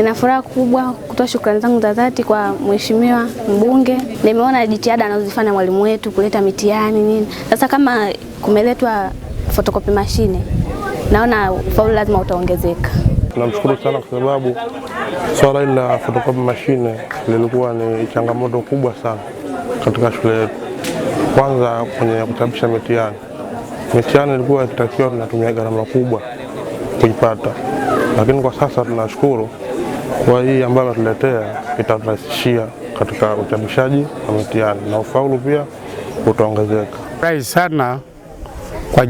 Nina furaha kubwa kutoa shukrani zangu za dhati kwa mheshimiwa mbunge. Nimeona jitihada anazozifanya mwalimu wetu kuleta mitihani nini. Sasa kama kumeletwa fotokopi mashine, naona faulu lazima utaongezeka. Tunamshukuru sana kwa sababu swala hili la fotokopi mashine lilikuwa ni changamoto kubwa sana katika shule yetu. Kwanza kwenye kuchapisha mitihani, mitihani ilikuwa ikitakiwa tunatumia gharama kubwa kuipata, lakini kwa sasa tunashukuru kwa hii ambayo ametuletea itaturahisishia katika uchapishaji wa mitihani na ufaulu pia utaongezeka. Furahi sana kwa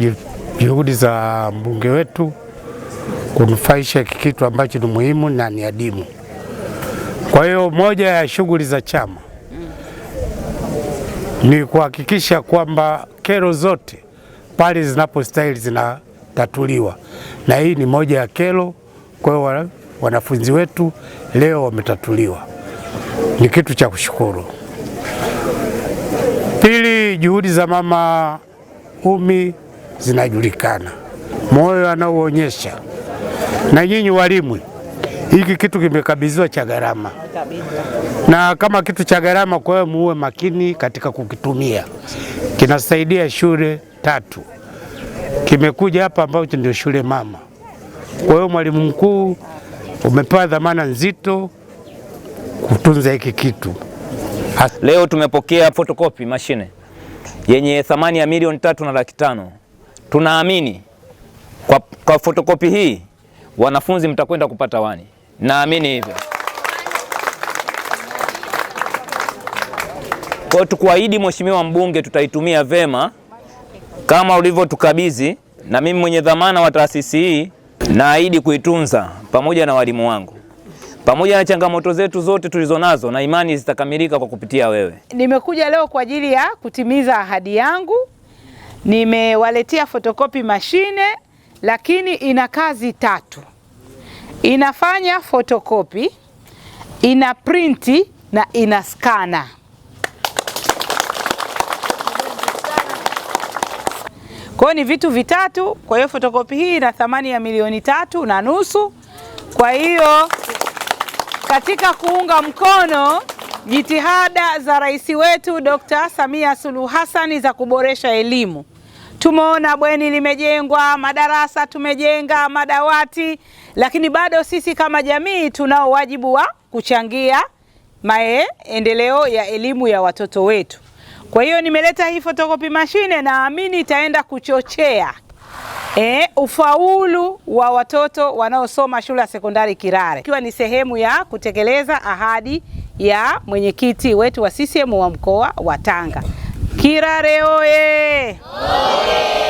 juhudi za mbunge wetu kunufaisha kitu ambacho ni muhimu na ni adimu. Kwa hiyo moja ya shughuli za chama ni kuhakikisha kwamba kero zote pale zinapostahili zinatatuliwa, na hii ni moja ya kero. Kwa hiyo wanafunzi wetu leo wametatuliwa, ni kitu cha kushukuru. Pili, juhudi za mama Umi zinajulikana, moyo anaoonyesha, na nyinyi walimu, hiki kitu kimekabidhiwa cha gharama, na kama kitu cha gharama, kwa hiyo muwe makini katika kukitumia. Kinasaidia shule tatu, kimekuja hapa ambacho ndio shule mama. Kwa hiyo mwalimu mkuu umepewa dhamana nzito kutunza hiki kitu. Leo tumepokea photocopy mashine yenye thamani ya milioni tatu na laki tano. Tunaamini kwa, kwa photocopy hii wanafunzi mtakwenda kupata wani, naamini hivyo. Kwa tukuahidi, Mheshimiwa Mbunge, tutaitumia vema kama ulivyotukabidhi, na mimi mwenye dhamana wa taasisi hii Naahidi kuitunza pamoja na walimu wangu pamoja na changamoto zetu zote tulizonazo, na imani zitakamilika kwa kupitia wewe. Nimekuja leo kwa ajili ya kutimiza ahadi yangu. Nimewaletea fotokopi mashine, lakini ina kazi tatu: inafanya fotokopi, ina printi na ina skana. Kwa hiyo ni vitu vitatu. Kwa hiyo fotokopi hii ina thamani ya milioni tatu na nusu. Kwa hiyo katika kuunga mkono jitihada za rais wetu Dr. Samia Suluhu Hassan za kuboresha elimu, tumeona bweni limejengwa, madarasa tumejenga, madawati, lakini bado sisi kama jamii tunao wajibu wa kuchangia maendeleo ya elimu ya watoto wetu. Kwa hiyo nimeleta hii fotokopi na naamini itaenda kuchochea E, ufaulu wa watoto wanaosoma shule ya sekondari Kirare ikiwa ni sehemu ya kutekeleza ahadi ya mwenyekiti wetu wa CCM wa mkoa wa Tanga. Kirare oye! Oye!